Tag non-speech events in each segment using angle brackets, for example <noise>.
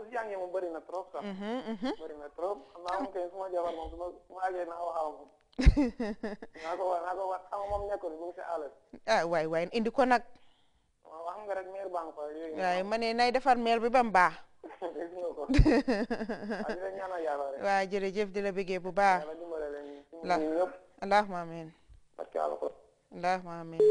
ma si jàngee na trop sax. Mhm, mhm. bëri na trop xam naa waay waay indi ko nag. waaw xam nga meer baa nga waaye ma nay defar meer bi ba mu baax. <laughs> <laughs> waaw jërëjëf di la bëggee bu baax. allahumma amiin. allahumma amiin.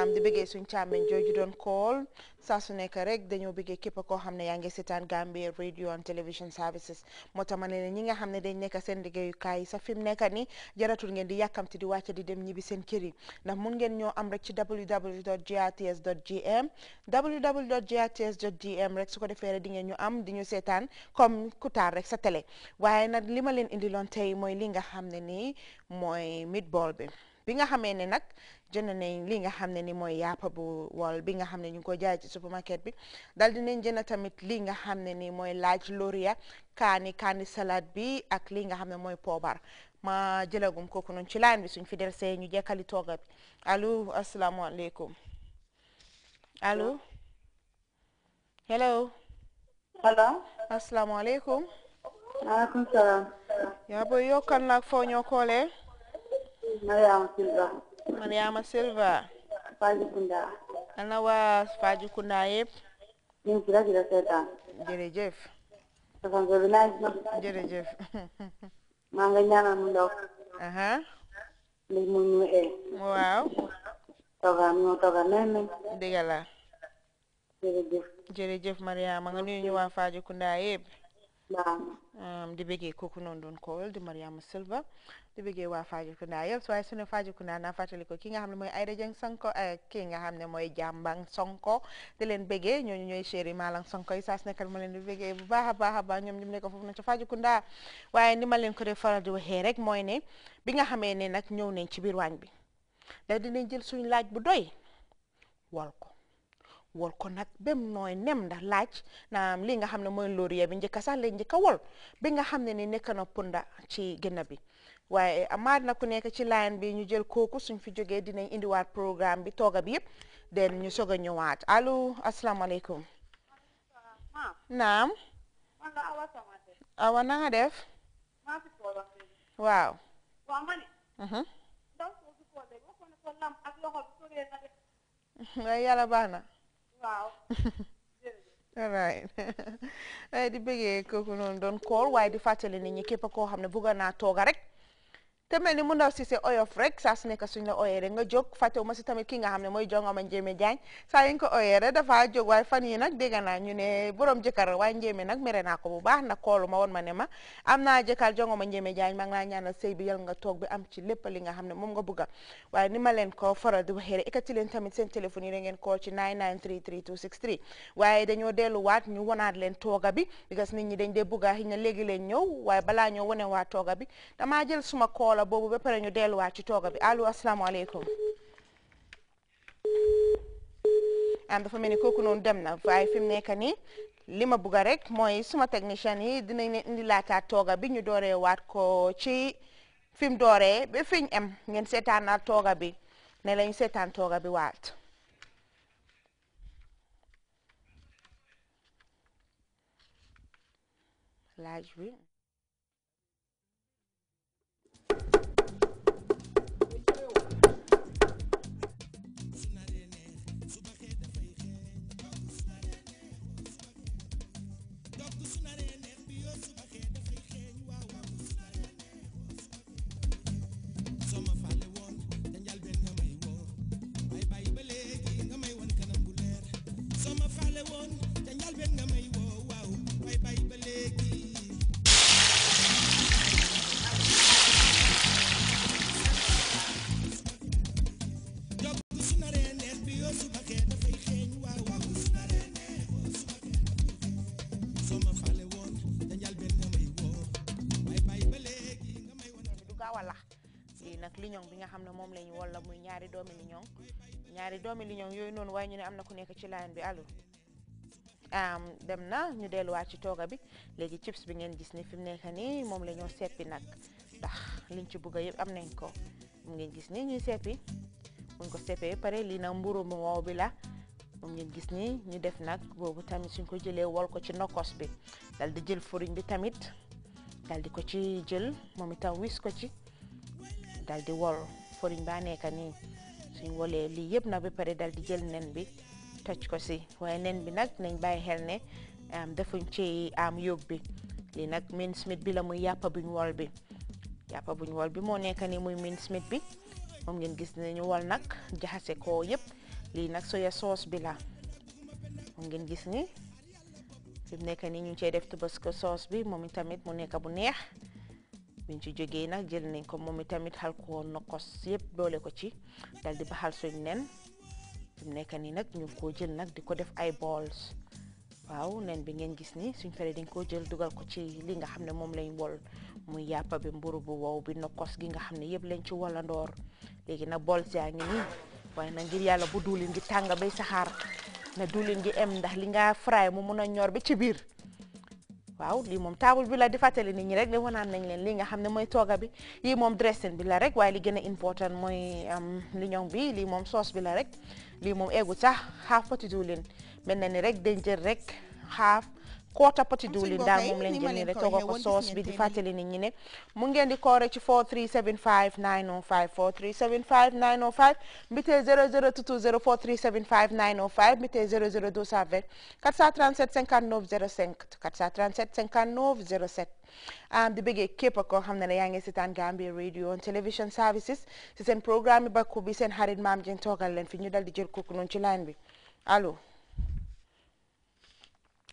am di bëggee suñ càmmeñ jooju doon kool saa su nekk rek dañoo bëggee képp koo xam ne yaa ngi seetaan Gambia radio and television services moo tax ma ne ñi nga xam ne dañ nekk seen liggéeyukaay yi sax fi mu nekk ni jaratul ngeen di yàkkamti di wàcce di dem ñibbi seen kër yi ndax mun ngeen ñoo am rek ci www.grts.gm www.grts.gm rek su ko defee rek di ngeen ñu am di ñu seetaan comme ku taar rek sa télé waaye nag li ma leen indiloon tey mooy li nga xam ne nii mooy meatball bi. bi nga xamee ne nag jënd nañ lii nga xam ne ni mooy yàppa bu wol bi nga xam ne ñu ngi ko jaay ci supermarket bi dal dinañ jënd tamit lii nga xam ne ni mooy laaj loria kaani kaani salade bi ak lii nga xam ne mooy poobar ma jëlagum kooku noonu ci laan bi suñ fi del see ñu jekkali tooga bi allo asalaamaaleykum allo hello hello asalaamaaleykum yaa booy yokkal nag foo ñoo Mariama Silva. Mariama Silva. Fajikunda. ana waa Fajikunda yëpp. ñu ngi ci maa ngi ñaanal mu ndox. waaw. toga mu toga nene. dëgg la. jërëjëf. jërëjëf Mariama nga nuyu ñu waa Fajikunda yëpp. di bëggee kooku noonu doon kool di Mariama Silva di bëggee waa Fajikunda yëpp waaye su ne Fajikunda naa fàttali ko ki nga xam ne mooy Aida Jeng Sonko eh, ki nga xam ne mooy Jàmbang Sonko di leen bëggee ñooñu ñooy chéri Malang Sonko yi saa su nekkal ma leen di bëggee bu baax a baax a baax ñoom ñu nekk foofu na ci Fajikunda waaye ni ma leen ko def faral di waxee rek mooy ne bi nga xamee ne nag ñëw nañ ci biir waañ bi da dinañ jël suñu laaj bu doy wal wol ko nag bem nooy nem ndax laaj naam li nga xam ne mooy laurier bi njëkka sax lay njëkka wol bi nga xam ne ni nekk na punda ci gënna bi waaye amaat na ku nekk ci line bi ñu jël kooku suñ fi jógee dinañ indiwaat programme bi tooga bi yëpp den ñu soog a ñëwaat allo asalaamaaleykum naam awa na def waaw mhm. <laughs> yàlla baax na waaw <laughs> alright <laughs> di bëggee kooku noonu doon call waaye di fàttali nit ñi képp koo xam ne bëgg naa tooga rek te mel ni mu ndaw si se oyof rek saa su nekk suñ la oyee rek nga jóg fàttewuma si tamit ki nga xam ne mooy jongoma njéeme jaañ saa yuñ ko rek dafa jóg waaye fan yi nag dégg naa ñu ne borom jëkkër waaye njéeme nag mere naa ko bu baax na koolu ma woon ma ne ma am naa jëkkër jongoma njéeme jaañ maa ngi laa ñaanal sëy bi yal nga toog bi am ci lépp li nga xam ne moom nga bëgga waaye ni ma leen ko faral di waxee rek ekkati leen tamit seen téléphone yi da ngeen koo ci 9933263 waaye dañoo delluwaat ñu wanaat leen tooga bi because nit ñi dañ dee bëgga xëy na léegi leen ñëw waaye balaa ñoo wane waa tooga bi damaa jël suma koola boobu ba pare ñu delluwaat ci tooga bi allo asalaamaaleykum am ah, dafa mel ni kooku noonu dem na waaye fi mu nekk nii li ma bugg rekk mooy suma technicien yi dinañ leen indi laataat tooga bi ñu dooree waat ko ci fi dooree ba fi ñu am ngeen seetaan tooga bi ne lañ seetaan tooga bi waat. laaj bi ñoom bi nga xam ne moom lañu walla muy ñaari doomi liñoŋ ñaari doomi liñoŋ yooyu noonu waaye ñu ne am na ku nekk ci line bi allo dem na ñu delluwaat ci tooga bi léegi chips bi ngeen gis ni fi mu nekk nii moom la ñoo seppi nag ndax liñ ci bugg yëpp am nañ ko moom gis ni ñuy seppi buñ ko seppee pare lii na mburu mu wow bi la moom ngeen gis ni ñu def nag boobu tamit suñ ko jëlee wol ko ci nokkos bi dal di jël furiñ bi tamit dal di ko ci jël moom itam wis ko ci dal di wol foriñ baa nekka nii suñ wolee lii yëpp nag ba pare dal di jël nen bi toj ko si waaye nen bi nag nañ bàyyi xel ne defuñ ci am yóbbu bi lii nag min smith bi la muy yàppa buñ bi moo nekka nii muy min smith bi moom ngeen gis ñu wol nag jaxase ko yépp lii nag soya soos bi la moom ngeen gis ni fi mu nekk nii ñu ngi cee def tabasco soos bi moom itamit mu nekk bu neex biñ ci jógee nag jël nañ ko moom itamit xal ko nokkos yëpp doole ko ci dal di xal suñ nen fi mu nekk nii nag ñu ngi koo jël nag di ko def ay balls waaw nen bi ngeen gis ni suñ paree dañ koo jël dugal ko ci li nga xam ne moom lañ wol muy yàppa bi mburu bu wow bi nokkos gi nga xam ne yëpp lañ ci wallandoor léegi nag balls yaa ngi nii waaye nag ngir yàlla bu duulin gi tàng bay saxaar na duulin gi ndax li nga fry mu mun a ñor ba ci biir waaw lii moom table bi la di fàttali nit ñi rek de wanaan nañ leen lii nga xam ne mooy tooga bi lii moom dressing bi la rek waaye li gën a important mooy liñoŋ bi lii moom sauce bi la rek lii moom eggu sax half poti diwlin mel na ni rek dañ jël rek half koota poti diwlin daal moom lañ jël nii rek tooga ko sauce bi di fàttali nit ñi ne mu ngeen di koore ci 4375 905 4375 905 mbitee 00220 4375 905 mbitee 00220 437 59 05 437 59 07 am di bëggee képp koo xam ne yaa ngi seetaan Gambia radio and television services si seen programme bi bakku bi seen xarit maam jeen toogal leen fi ñu dal di jël kooku noonu ci line bi allo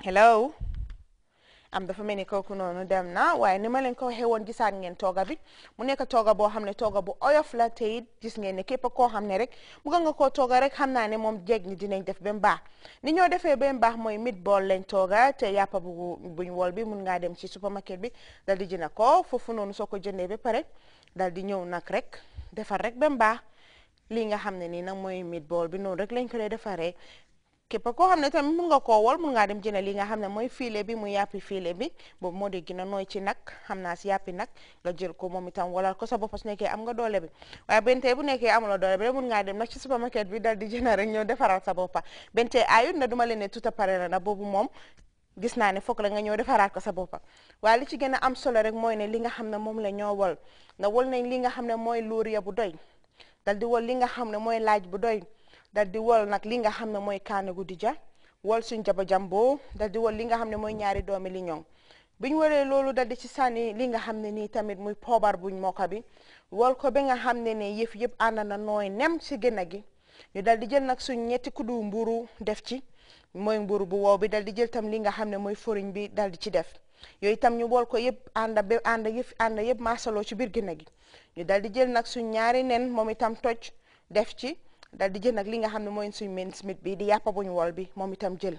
hello am dafa mel ni kooku noonu dem na waaye ni ma leen ko waxee woon gisaat ngeen tooga bi mu nekk tooga boo xam ne tooga bu oyof la te it gis ngeen ne képp koo xam ne rek bëgg nga koo tooga rek xam naa ne moom jeeg ñi dinañ def ba mu baax ni ñoo defee ba mu baax mooy meatball lañ tooga te yàpp bu buñ wol bi mun ngaa dem ci supermarket bi dal di jënd ko foofu noonu soo ko jëndee ba pare dal di ñëw nag rek defar rek ba mu baax lii nga xam ne nii nag mooy meatball bi noonu rek lañ ko de defaree képp koo xam ne tamit mun nga koo wol mun ngaa dem jënd li nga xam ne mooy filet bi mu yàppi file bi boobu moo di gën a nooy ci nag xam na si yàppi nag nga jël ko moom itam walal ko sa bopp su nekkee am nga doole bi waaye benn tey bu nekkee amuloo doole bi rek mun ngaa dem nag ci bi dal di jënd rek ñëw defaral sa boppa benn tey ayut na duma leen ne tout à pare na na boobu moom gis naa ne foog la nga ñëw defaraat ko sa boppa waaye la ci gën a am solo rek mooy ne li nga xam ne moom la ñoo wol na wol nañ li nga xam ne mooy luuriya bu doy dal di wol li nga xam ne mooy laaj bu doy dal di wol nag li nga xam ne mooy kaane gu dija wol suñ jaba jambo dal di wol li nga xam ne mooy ñaari doomi li ñoŋ biñ waree loolu dal di ci sànni li nga xam ne nii tamit muy poobar buñ moka bi wol ko ba nga xam ne ne yëf yëpp ànd na nooy nem si gën a gi ñu dal di jël nag suñ ñetti kuddu mburu def ci mooy mburu bu wow bi dal di jël tam li nga xam ne mooy foriñ bi dal di ci def yooyu tam ñu wol ko yëpp ànda ba ànda yëpp ànda yëpp maasaloo ci biir gën a gi di jël nag suñ ñaari nen moom itam toj def ci dal di jël nag li nga xam ne mooy suñ main smith bi di yàppa buñ wol bi moom itam jël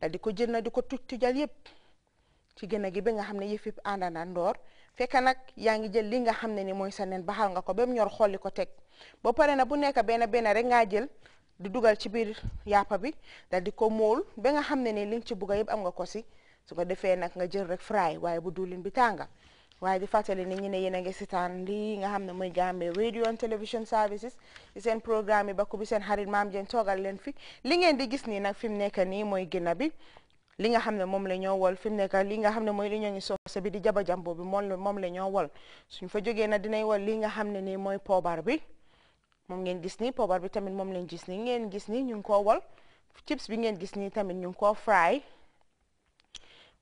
dal di ko jël na di ko tuj tujal yëpp ci gën a gi bi nga xam ne yëf yëpp ànd ndoor fekk nag yaa ngi jël li nga xam ne ni mooy sa nen xaw nga ko ba mu ñor xolli ko teg ba pare na bu nekk benn benn rek ngaa jël di dugal ci biir yàppa bi dal di ko móol ba nga xam ne ni li ci bugg yëpp am nga ko si su ko defee nag nga jël rek fry waaye bu diwlin bi tànga waaye di fàttali ni ñu ne yéen a ngi sitaan lii nga xam ne mooy Gambia radio and television services di seen programme yi bakku bi seen xarit maam Jeen toogal leen fi li di gis nii nag fi mu nii mooy ginna bi li nga xam ne moom la ñoo wol fi mu nekk li nga xam ne mooy li ñoo ngi soose bi di jaba jambo bi moom moom la ñoo wol suñ fa jógee nag dinay wol li nga xam ne nii mooy poobar bi moom ngeen gis ni poobar bi tamit moom lañ gis nii ngeen gis nii ñu ngi koo wol chips bi ngeen gis nii tamit ñu ngi koo fry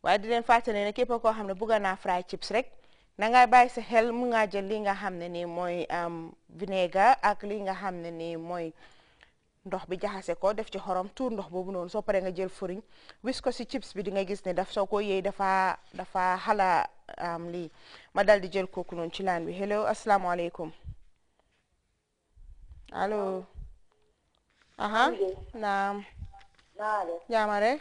waaye di leen fàttali ne képp koo xam ne bugg naa fry chips rek na nga bàyyi sa xel mu nga jël li nga xam ne nii mooy vinaigre ak li nga xam ne nii mooy ndox bi jaxase ko def ci xorom tu ndox boobu noonu soo paree nga jël furiñ wis ko si chips bi di nga gis ne daf soo ko yëy dafa dafa xala lii ma dal di jël kooku noonu ci laan bi hello asalaamaaleykum allo aha naam jaama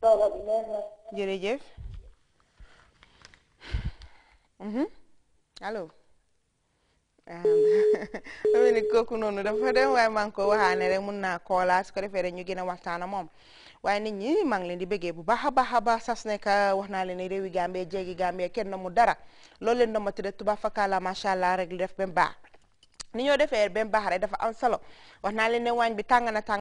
jërëjëf allo dama ne kooku noonu dafa dem waaye maa ngi ko waxaane rek mun naa koolaa su ko defee rek ñu gën a waxtaan moom waaye nit ñi maa ngi leen di bëggee bu baax a baax a baax sas nekk wax naa leen ne réewi Gambie jéegi Gambie kenn mu dara loolu leen dama tëdd tuba fakala macha allah rek li def ba baax ni ñoo defee ba mu baax rek dafa am solo wax naa leen ne waañ bi tàng na tàng